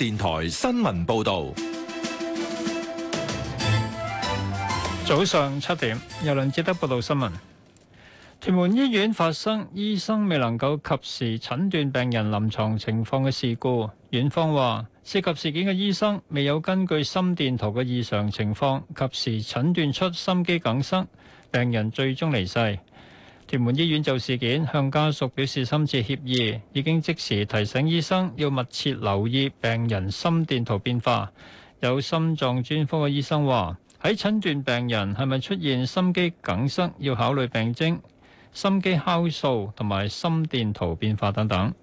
電台新聞報道，早上七點，由梁志德報道新聞。屯門醫院發生醫生未能夠及時診斷病人臨床情況嘅事故。院方話，涉及事件嘅醫生未有根據心電圖嘅異常情況及時診斷出心肌梗塞，病人最終離世。屯門醫院就事件向家屬表示深切歉意，已經即時提醒醫生要密切留意病人心電圖變化。有心臟專科嘅醫生話：喺診斷病人係咪出現心肌梗塞，要考慮病徵、心肌酵素同埋心電圖變化等等。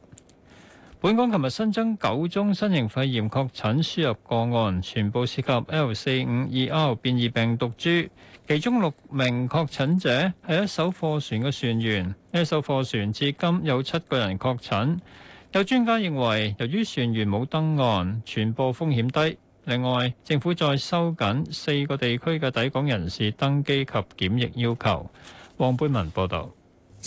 本港琴日新增九宗新型肺炎確診輸入個案，全部涉及 L 四五二 R 變異病毒株，其中六名確診者係一艘貨船嘅船員，呢艘貨船至今有七個人確診。有專家認為，由於船員冇登岸，傳播風險低。另外，政府再收緊四個地區嘅抵港人士登機及檢疫要求。黃貝文報道。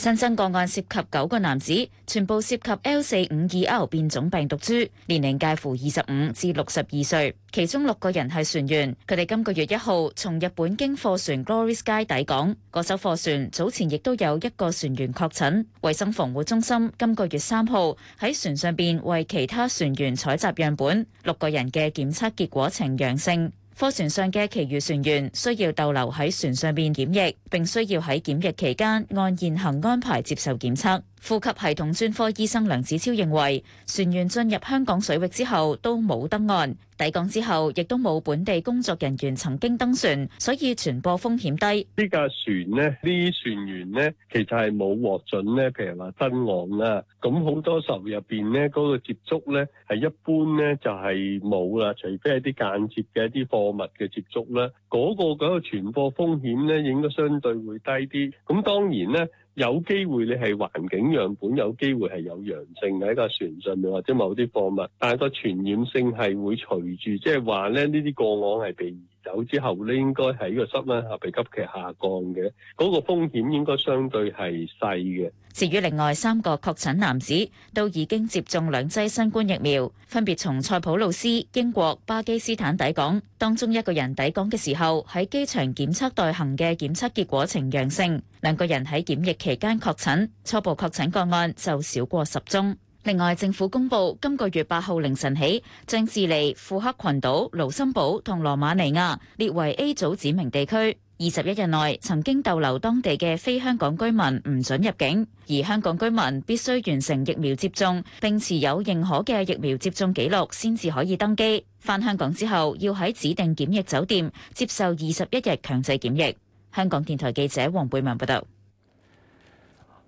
新增個案涉及九個男子，全部涉及 L 四五二 L 變種病毒株，年齡介乎二十五至六十二歲，其中六個人係船員。佢哋今個月一號從日本經貨船 Glory Sky 抵港，嗰艘貨船早前亦都有一個船員確診。衛生防護中心今個月三號喺船上邊為其他船員採集樣本，六個人嘅檢測結果呈陽性。貨船上嘅其餘船員需要逗留喺船上邊檢疫，並需要喺檢疫期間按現行安排接受檢測。呼吸系統專科醫生梁子超認為，船員進入香港水域之後都冇登岸，抵港之後亦都冇本地工作人員曾經登船，所以傳播風險低。呢架船咧，呢啲船員咧，其實係冇獲准咧，譬如話登岸啦。咁好多時候入邊咧，嗰個接觸咧係一般咧就係冇啦，除非係啲間接嘅一啲貨物嘅接觸啦，嗰個嗰個傳播風險咧應該相對會低啲。咁當然咧。有機會你係環境樣本，有機會係有陽性嘅喺架船上面或者某啲貨物，但係個傳染性係會隨住即係話咧呢啲個案係被走之後咧，應該係呢個失溫係被急劇下降嘅，嗰個風險應該相對係細嘅。至於另外三個確診男子都已經接種兩劑新冠疫苗，分別從塞浦路斯、英國、巴基斯坦抵港。當中一個人抵港嘅時候喺機場檢測待行嘅檢測結果呈陽性，兩個人喺檢疫期間確診，初步確診個案就少過十宗。另外，政府公布，今個月八號凌晨起，將智利、富克群島、盧森堡同羅馬尼亞列為 A 組指明地區，二十一日內曾經逗留當地嘅非香港居民唔准入境，而香港居民必須完成疫苗接種，並持有認可嘅疫苗接種紀錄，先至可以登機。返香港之後，要喺指定檢疫酒店接受二十一日強制檢疫。香港電台記者黃貝文報道。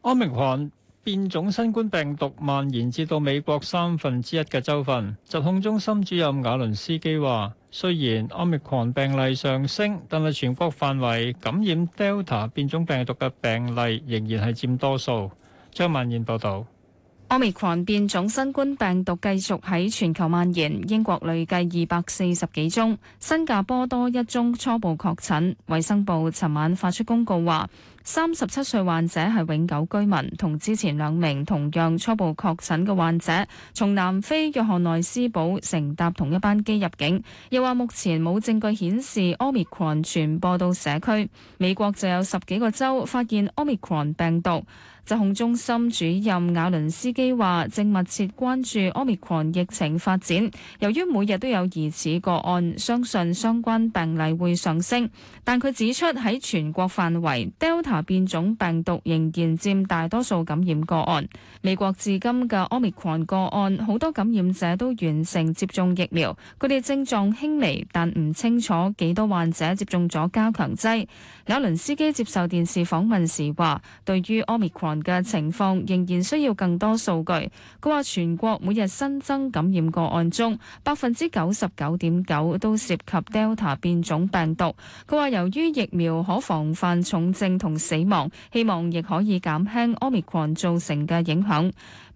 安明漢。變種新冠病毒蔓延至到美國三分之一嘅州份，疾控中心主任亞倫斯基話：雖然奧密狂病例上升，但係全國範圍感染 Delta 變種病毒嘅病例仍然係佔多數。張曼燕報導。奧密狂變種新冠病毒繼續喺全球蔓延，英國累計二百四十幾宗，新加坡多一宗初步確診。衞生部尋晚發出公告話。三十七歲患者係永久居民，同之前兩名同樣初步確診嘅患者，從南非約翰內斯堡乘搭同一班機入境。又話目前冇證據顯示 Omicron 傳播到社區。美國就有十幾個州發現 Omicron 病毒。疾控中心主任瓦倫斯基話：正密切關注 Omicron 疫情發展，由於每日都有疑似個案，相信相關病例會上升。但佢指出喺全國範圍，Delta，變種病毒仍然佔大多數感染個案。美國至今嘅 Omicron 個案，好多感染者都完成接種疫苗，佢哋症狀輕微，但唔清楚幾多患者接種咗加強劑。瓦倫斯基接受電視訪問時話：對於 Omicron 嘅情況，仍然需要更多數據。佢話全國每日新增感染個案中，百分之九十九點九都涉及 Delta 變種病毒。佢話由於疫苗可防範重症同，死亡，希望亦可以減輕 omicron 造成嘅影響。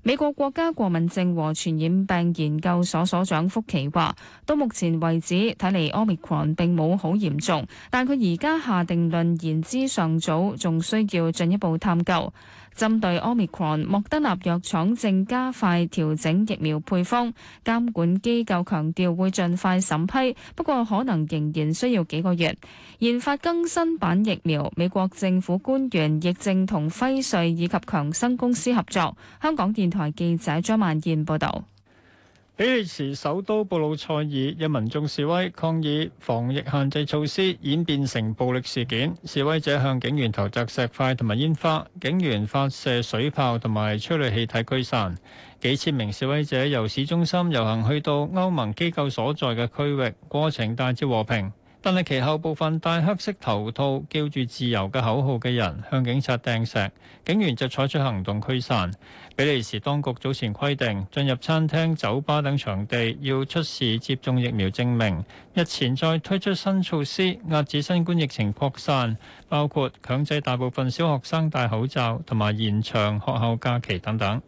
美國國家過敏症和傳染病研究所所長福奇話，到目前為止，睇嚟奧密克戎並冇好嚴重，但佢而家下定論言之尚早，仲需要進一步探究。針對奧密克戎，莫德納藥廠正加快調整疫苗配方，監管機構強調會盡快審批，不過可能仍然需要幾個月研發更新版疫苗。美國政府官員亦正同輝瑞以及強生公司合作。香港電。台記者張曼燕報道，比利時首都布魯塞爾有民眾示威抗議防疫限制措施演變成暴力事件，示威者向警員投擲石塊同埋煙花，警員發射水炮同埋催淚氣體驅散，幾千名示威者由市中心遊行去到歐盟機構所在嘅區域，過程大致和平。但係其後部分戴黑色頭套、叫住自由嘅口號嘅人向警察掟石，警員就採取行動驅散。比利時當局早前規定進入餐廳、酒吧等場地要出示接種疫苗證明，日前再推出新措施壓止新冠疫情擴散，包括強制大部分小學生戴口罩同埋延長學校假期等等。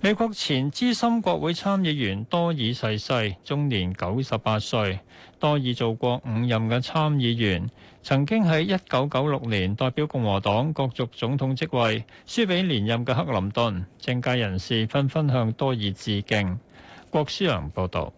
美國前資深國會參議員多爾逝世，世，終年九十八歲。多爾做過五任嘅參議員，曾經喺一九九六年代表共和黨角逐總統職位，輸畀連任嘅克林頓。政界人士紛紛向多爾致敬。郭書陽報導。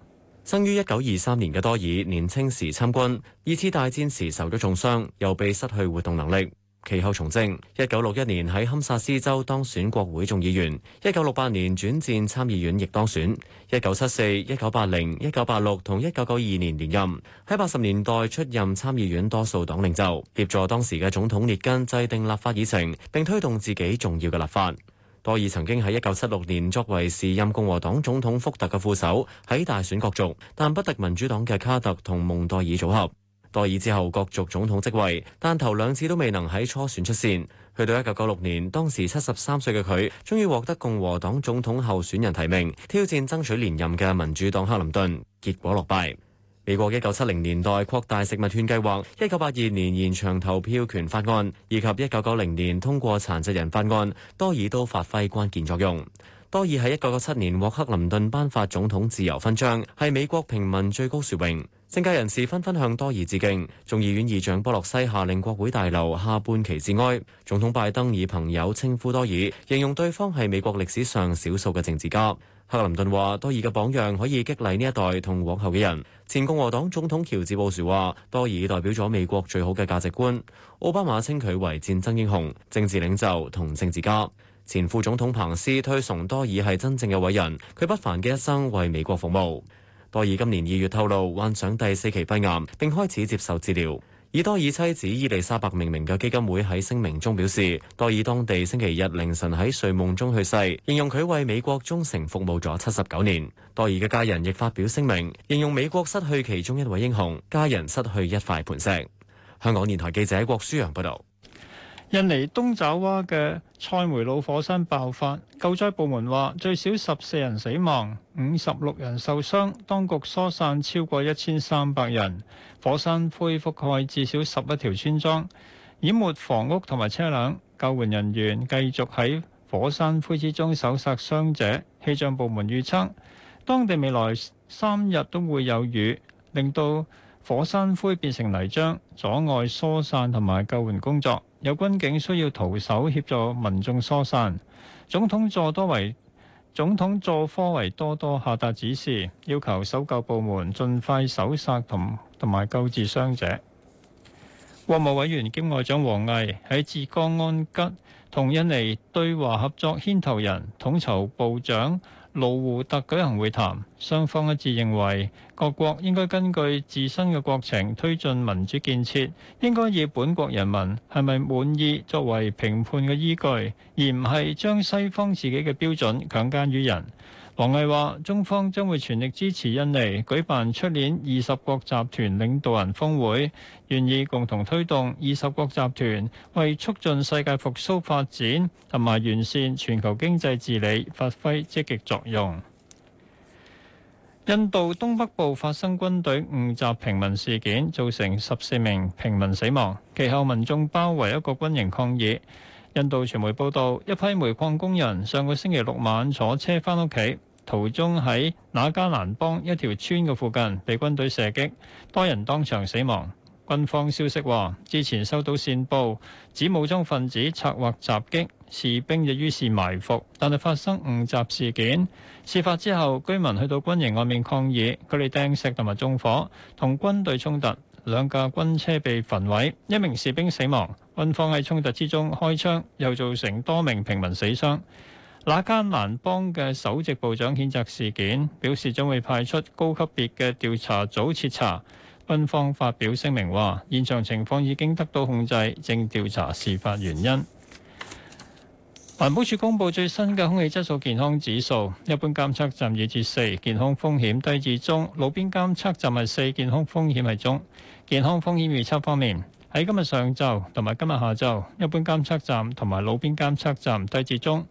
生於一九二三年嘅多爾，年青時參軍，二次大戰時受咗重傷，又被失去活動能力。其後從政，一九六一年喺堪薩斯州當選國會眾議員，一九六八年轉戰參議院，亦當選。一九七四、一九八零、一九八六同一九九二年連任。喺八十年代出任參議院多數黨領袖，協助當時嘅總統列根制定立法議程，並推動自己重要嘅立法。多爾曾經喺一九七六年作為時任共和黨總統福特嘅副手，喺大選角逐，但不敵民主黨嘅卡特同蒙代爾組合。多爾之後角逐總統職位，但頭兩次都未能喺初選出線。去到一九九六年，當時七十三歲嘅佢，終於獲得共和黨總統候選人提名，挑戰爭取連任嘅民主黨克林頓，結果落敗。美國一九七零年代擴大食物券計劃，一九八二年延長投票權法案，以及一九九零年通過殘疾人法案，多爾都發揮關鍵作用。多爾喺一九九七年獲克林頓頒發總統自由勳章，係美國平民最高殊榮。政界人士紛紛向多爾致敬。眾議院議長波洛西下令國會大樓下半旗致哀。總統拜登以朋友稱呼多爾，形容對方係美國歷史上少數嘅政治家。克林頓話：多爾嘅榜樣可以激勵呢一代同往後嘅人。前共和黨總統喬治布什話：多爾代表咗美國最好嘅價值觀。奧巴馬稱佢為戰爭英雄、政治領袖同政治家。前副總統彭斯推崇多爾係真正嘅偉人，佢不凡嘅一生為美國服務。多爾今年二月透露患上第四期肺癌，並開始接受治療。以多爾妻子伊麗莎白命名嘅基金會喺聲明中表示，多爾當地星期日凌晨喺睡夢中去世，形容佢為美國忠誠服務咗七十九年。多爾嘅家人亦發表聲明，形容美國失去其中一位英雄，家人失去一塊磐石。香港電台記者郭舒揚報道。印尼東爪哇嘅塞梅魯火山爆發，救災部門話最少十四人死亡，五十六人受傷，當局疏散超過一千三百人。火山灰覆蓋至少十一條村莊，掩沒房屋同埋車輛。救援人員繼續喺火山灰之中搜尋傷者。氣象部門預測，當地未來三日都會有雨，令到火山灰變成泥漿，阻礙疏散同埋救援工作，有軍警需要徒手協助民眾疏散。總統佐多維總統佐科維多多下達指示，要求搜救部門盡快搜殺同同埋救治傷者。國務委員兼外長王毅喺浙江安吉同印尼對華合作牽頭人統籌部長，盧胡特舉行會談，雙方一致認為各國應該根據自身嘅國情推進民主建設，應該以本國人民係咪滿意作為評判嘅依據，而唔係將西方自己嘅標準強加於人。王毅話：中方將會全力支持印尼舉辦出年二十國集團領導人峰會，願意共同推動二十國集團為促進世界復甦發展同埋完善全球經濟治理發揮積極作用。印度東北部發生軍隊誤襲平民事件，造成十四名平民死亡，其後民眾包圍一個軍營抗議。印度傳媒報道，一批煤礦工人上個星期六晚坐車返屋企。途中喺那加蘭邦一條村嘅附近被軍隊射擊，多人當場死亡。軍方消息話之前收到線報指武裝分子策劃襲擊士兵亦於是埋伏，但係發生誤襲事件。事發之後居民去到軍營外面抗議佢哋掟石同埋縱火，同軍隊衝突，兩架軍車被焚毀一名士兵死亡。軍方喺衝突之中開槍又造成多名平民死傷。那間蘭邦嘅首席部長譴責事件，表示將會派出高級別嘅調查組徹查。軍方發表聲明話，現場情況已經得到控制，正調查事發原因。環保署公布最新嘅空氣質素健康指數，一般監測站二至四，健康風險低至中；路邊監測站係四，健康風險係中。健康風險預測方面，喺今日上晝同埋今日下晝，一般監測站同埋路邊監測站低至中。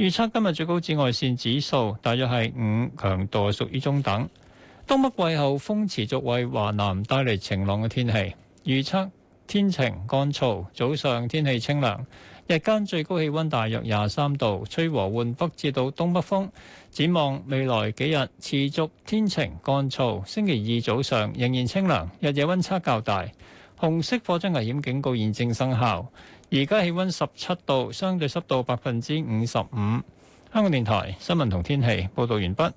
預測今日最高紫外線指數大約係五強度，屬於中等。東北季候風持續為華南帶嚟晴朗嘅天氣。預測天晴乾燥，早上天氣清涼，日間最高氣温大約廿三度，吹和緩北至到東北風。展望未來幾日持續天晴乾燥，星期二早上仍然清涼，日夜温差較大。紅色火災危險警告現正生效。而家氣溫十七度，相對濕度百分之五十五。香港電台新聞同天氣報導完畢。